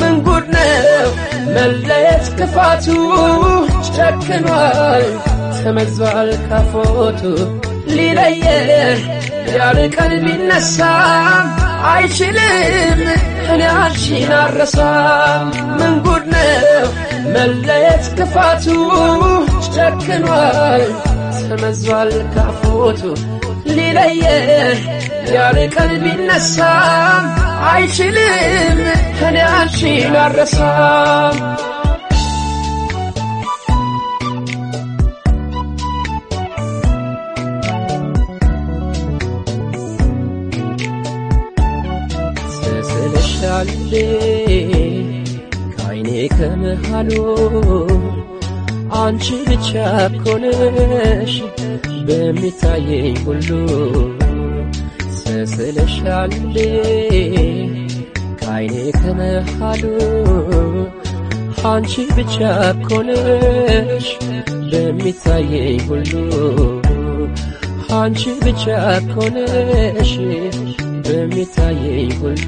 ምን ጉድ ነው መለየት ክፋቱ ጨክኗል ተመዟል ካፎቱ ሊለየን ያርቀን ቢነሳም አይችልም እኔ አንቺን አረሳም ምን ጉድ ነው መለየት ክፋቱ ጨክኗል ተመዟል ካፎቱ ሊለየን ያርቀን ቢነሳም አይችልም ከኔ አንቺን አረሳም ስስልሻል ከአይኔ ከመሃሉ አንቺ ብቻ ኮነሽ በሚታየኝ ሁሉ ስስልሻል ከዓይኔ ከመሃሉ አንቺ ብቻ እኮ በሚታየኝ ሁሉ አንቺ ብቻ እኮ በሚታየኝ ሁሉ